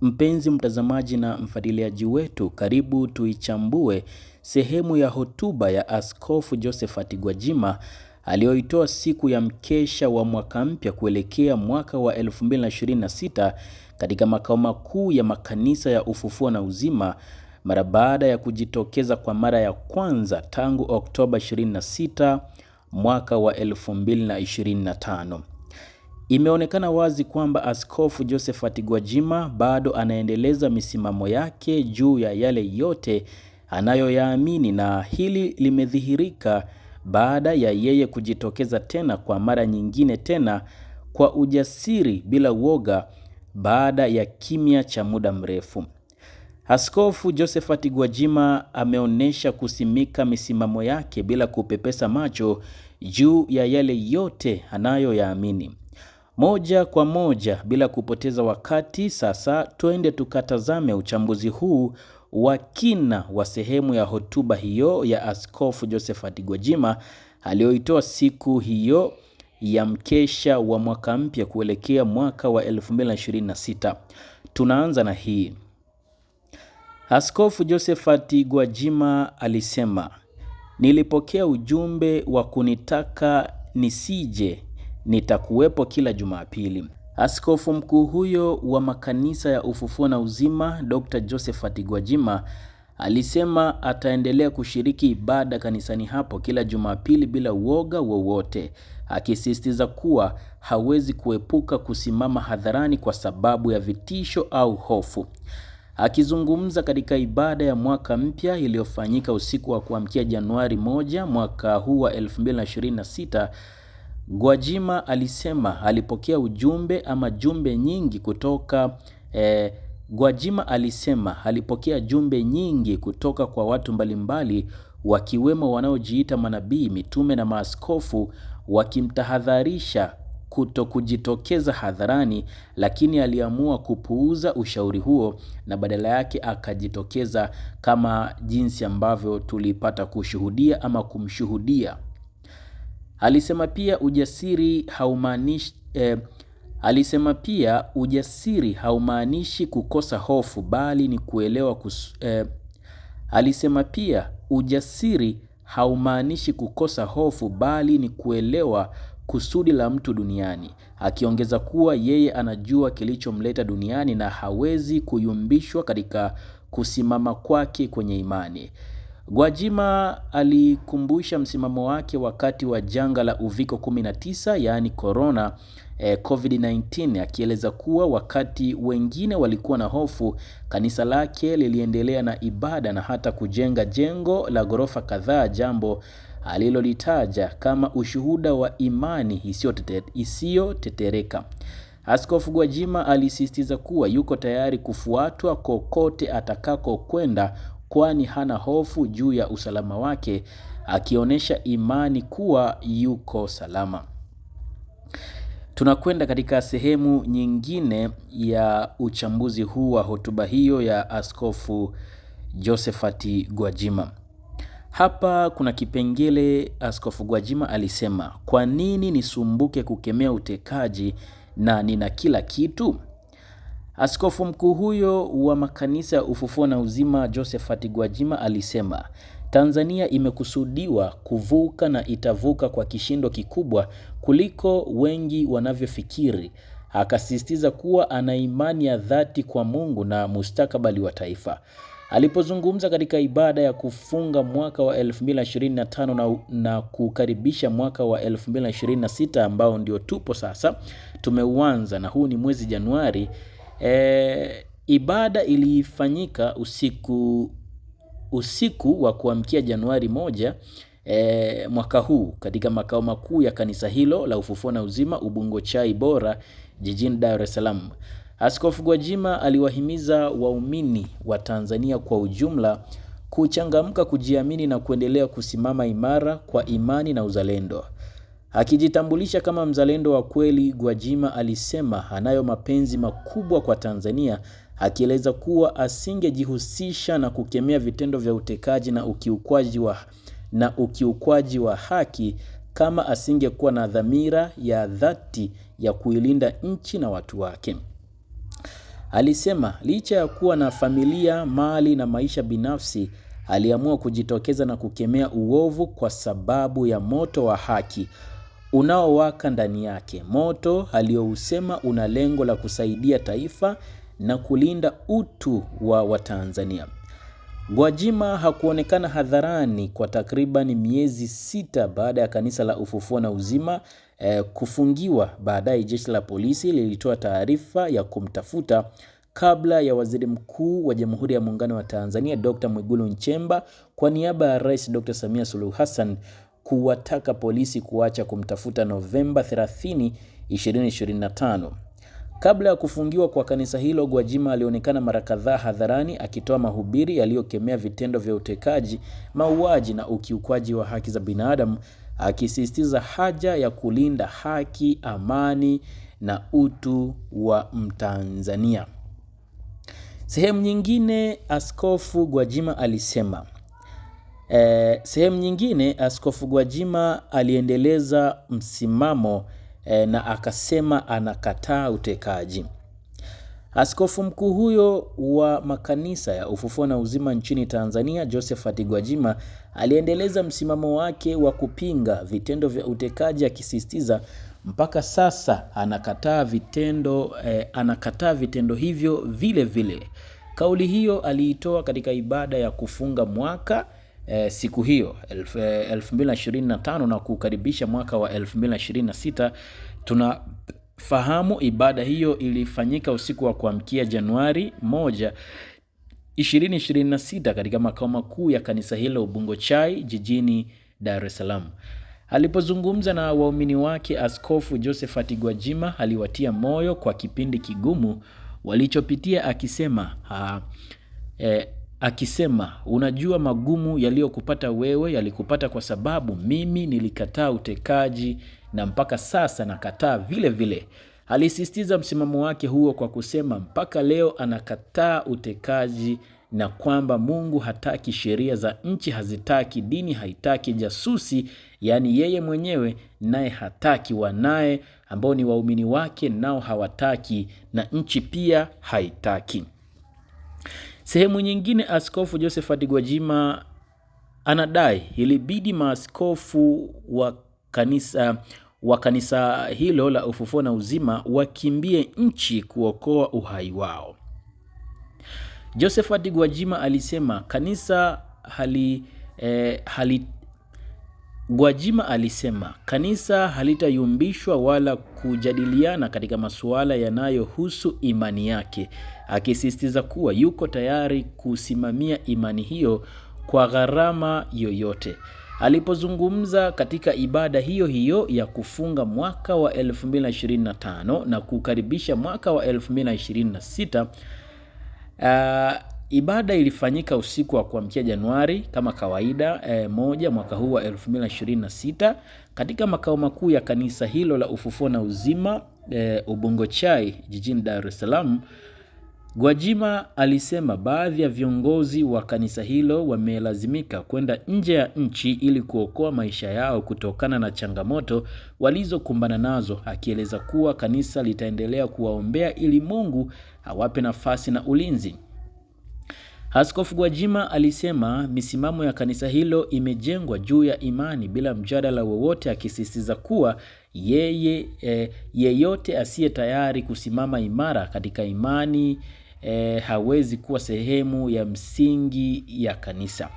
Mpenzi mtazamaji na mfuatiliaji wetu, karibu tuichambue sehemu ya hotuba ya Askofu Josephat Gwajima aliyoitoa siku ya mkesha wa mwaka mpya kuelekea mwaka wa 2026 katika makao makuu ya makanisa ya Ufufuo na Uzima mara baada ya kujitokeza kwa mara ya kwanza tangu Oktoba 26 mwaka wa 2025. Imeonekana wazi kwamba Askofu Josephat Gwajima bado anaendeleza misimamo yake juu ya yale yote anayoyaamini na hili limedhihirika baada ya yeye kujitokeza tena kwa mara nyingine tena kwa ujasiri bila uoga baada ya kimya cha muda mrefu. Askofu Josephat Gwajima ameonyesha kusimika misimamo yake bila kupepesa macho juu ya yale yote anayoyaamini. Moja kwa moja bila kupoteza wakati, sasa twende tukatazame uchambuzi huu wa kina wa sehemu ya hotuba hiyo ya Askofu Josephat Gwajima aliyoitoa siku hiyo ya mkesha wa mwaka mpya kuelekea mwaka wa 2026. Tunaanza na hii. Askofu Josephat Gwajima alisema, nilipokea ujumbe wa kunitaka nisije nitakuwepo kila Jumapili. Askofu mkuu huyo wa makanisa ya Ufufuo na Uzima, Dr. Josephat Gwajima alisema ataendelea kushiriki ibada kanisani hapo kila Jumapili bila uoga wowote, akisisitiza kuwa hawezi kuepuka kusimama hadharani kwa sababu ya vitisho au hofu. Akizungumza katika ibada ya mwaka mpya iliyofanyika usiku wa kuamkia Januari 1 mwaka huu wa Gwajima alisema alipokea ujumbe ama jumbe nyingi kutoka eh, Gwajima alisema alipokea jumbe nyingi kutoka kwa watu mbalimbali wakiwemo wanaojiita manabii, mitume na maaskofu wakimtahadharisha kuto kujitokeza hadharani, lakini aliamua kupuuza ushauri huo na badala yake akajitokeza kama jinsi ambavyo tulipata kushuhudia ama kumshuhudia. Alisema pia ujasiri haumaanishi eh, alisema pia ujasiri haumaanishi kukosa hofu bali ni kuelewa kus, eh, alisema pia ujasiri haumaanishi kukosa hofu bali ni kuelewa kusudi la mtu duniani, akiongeza kuwa yeye anajua kilichomleta duniani na hawezi kuyumbishwa katika kusimama kwake kwenye imani. Gwajima alikumbusha msimamo wake wakati wa janga la uviko 19, yaani corona eh, COVID-19 akieleza kuwa wakati wengine walikuwa na hofu, kanisa lake liliendelea na ibada na hata kujenga jengo la ghorofa kadhaa, jambo alilolitaja kama ushuhuda wa imani isiyotetereka. Askofu Gwajima alisisitiza kuwa yuko tayari kufuatwa kokote atakako kwenda kwani hana hofu juu ya usalama wake, akionyesha imani kuwa yuko salama. Tunakwenda katika sehemu nyingine ya uchambuzi huu wa hotuba hiyo ya Askofu Josephat Gwajima. Hapa kuna kipengele Askofu Gwajima alisema, kwa nini nisumbuke kukemea utekaji na nina kila kitu? Askofu mkuu huyo wa makanisa ya Ufufuo na Uzima Josephat Gwajima alisema Tanzania imekusudiwa kuvuka na itavuka kwa kishindo kikubwa kuliko wengi wanavyofikiri. Akasisitiza kuwa ana imani ya dhati kwa Mungu na mustakabali wa taifa. Alipozungumza katika ibada ya kufunga mwaka wa 2025 na, na kukaribisha mwaka wa 2026 ambao ndio tupo sasa, tumeuanza na huu ni mwezi Januari. E, ibada ilifanyika usiku, usiku wa kuamkia Januari moja e, mwaka huu katika makao makuu ya kanisa hilo la Ufufuo na Uzima Ubungo Chai Bora jijini Dar es Salaam. Askofu Gwajima aliwahimiza waumini wa Tanzania kwa ujumla kuchangamka, kujiamini na kuendelea kusimama imara kwa imani na uzalendo. Akijitambulisha kama mzalendo wa kweli, Gwajima alisema anayo mapenzi makubwa kwa Tanzania, akieleza kuwa asingejihusisha na kukemea vitendo vya utekaji na ukiukwaji wa, na ukiukwaji wa haki kama asingekuwa na dhamira ya dhati ya kuilinda nchi na watu wake. Alisema licha ya kuwa na familia, mali na maisha binafsi, aliamua kujitokeza na kukemea uovu kwa sababu ya moto wa haki unaowaka ndani yake, moto aliyousema una lengo la kusaidia taifa na kulinda utu wa Watanzania. Gwajima hakuonekana hadharani kwa takriban miezi sita baada ya kanisa la Ufufuo na Uzima eh, kufungiwa. Baadaye jeshi la polisi lilitoa taarifa ya kumtafuta kabla ya Waziri Mkuu wa Jamhuri ya Muungano wa Tanzania Dr. Mwigulu Nchemba kwa niaba ya Rais Dr. Samia Suluhu Hassan kuwataka polisi kuacha kumtafuta Novemba 30, 2025. Kabla ya kufungiwa kwa kanisa hilo, Gwajima alionekana mara kadhaa hadharani akitoa mahubiri yaliyokemea vitendo vya utekaji, mauaji na ukiukwaji wa haki za binadamu, akisisitiza haja ya kulinda haki, amani na utu wa Mtanzania. Sehemu nyingine, Askofu Gwajima alisema E, sehemu nyingine Askofu Gwajima aliendeleza msimamo e, na akasema anakataa utekaji. Askofu mkuu huyo wa makanisa ya Ufufuo na Uzima nchini Tanzania, Josephat Gwajima aliendeleza msimamo wake wa kupinga vitendo vya utekaji akisisitiza mpaka sasa anakataa vitendo eh, anakataa vitendo hivyo vile vile. Kauli hiyo aliitoa katika ibada ya kufunga mwaka Eh, siku hiyo elf, 2025 eh, na kukaribisha mwaka wa 2026 tunafahamu ibada hiyo ilifanyika usiku wa kuamkia Januari 1 2026 katika makao makuu ya kanisa hilo Ubungo Chai jijini Dar es Salaam. Alipozungumza na waumini wake, Askofu Josephat Gwajima aliwatia moyo kwa kipindi kigumu walichopitia akisema ha, ah, eh, akisema, unajua magumu yaliyokupata wewe yalikupata kwa sababu mimi nilikataa utekaji na mpaka sasa nakataa vile vile. Alisisitiza msimamo wake huo kwa kusema mpaka leo anakataa utekaji na kwamba Mungu hataki, sheria za nchi hazitaki, dini haitaki, jasusi yaani yeye mwenyewe naye hataki, wanaye ambao ni waumini wake nao hawataki, na nchi pia haitaki. Sehemu nyingine, Askofu Josephat Gwajima anadai ilibidi maaskofu wa kanisa wa kanisa hilo la Ufufuo na Uzima wakimbie nchi kuokoa uhai wao. Josephat Gwajima alisema kanisa hali, eh, hali Gwajima alisema kanisa halitayumbishwa wala kujadiliana katika masuala yanayohusu imani yake, akisisitiza kuwa yuko tayari kusimamia imani hiyo kwa gharama yoyote. Alipozungumza katika ibada hiyo hiyo ya kufunga mwaka wa 2025 na kukaribisha mwaka wa 2026, uh, Ibada ilifanyika usiku wa kuamkia Januari kama kawaida eh, moja mwaka huu wa 2026 katika makao makuu ya kanisa hilo la Ufufuo na Uzima eh, Ubungo Chai jijini Dar es Salaam. Gwajima alisema baadhi ya viongozi wa kanisa hilo wamelazimika kwenda nje ya nchi ili kuokoa maisha yao kutokana na changamoto walizokumbana nazo, akieleza kuwa kanisa litaendelea kuwaombea ili Mungu awape nafasi na ulinzi. Askofu Gwajima alisema misimamo ya kanisa hilo imejengwa juu ya imani bila mjadala wowote, akisisitiza kuwa yeye e, yeyote asiye tayari kusimama imara katika imani e, hawezi kuwa sehemu ya msingi ya kanisa.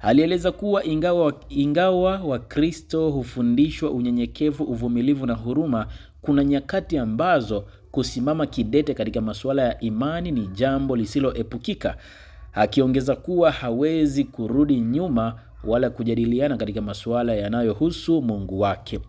Alieleza kuwa ingawa ingawa Wakristo hufundishwa unyenyekevu, uvumilivu na huruma, kuna nyakati ambazo kusimama kidete katika masuala ya imani ni jambo lisiloepukika akiongeza kuwa hawezi kurudi nyuma wala kujadiliana katika masuala yanayohusu Mungu wake.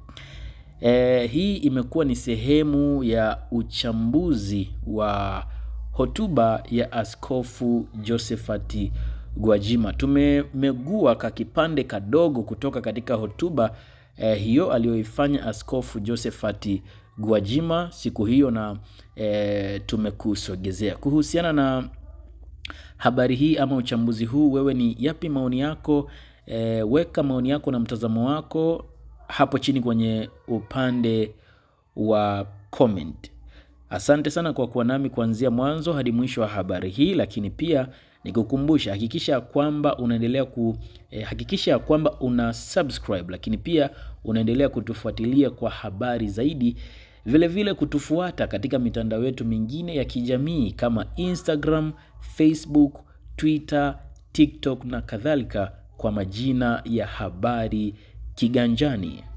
E, hii imekuwa ni sehemu ya uchambuzi wa hotuba ya Askofu Josephat Gwajima. Tumemegua ka kipande kadogo kutoka katika hotuba e, hiyo aliyoifanya Askofu Josephat Gwajima siku hiyo na e, tumekusogezea kuhusiana na habari hii ama uchambuzi huu, wewe ni yapi maoni yako? E, weka maoni yako na mtazamo wako hapo chini kwenye upande wa comment. Asante sana kwa kuwa nami kuanzia mwanzo hadi mwisho wa habari hii, lakini pia nikukumbusha, hakikisha kwamba unaendelea ku eh, hakikisha kwamba una subscribe, lakini pia unaendelea kutufuatilia kwa habari zaidi vilevile kutufuata katika mitandao yetu mingine ya kijamii kama Instagram, Facebook, Twitter, TikTok na kadhalika kwa majina ya Habari Kiganjani.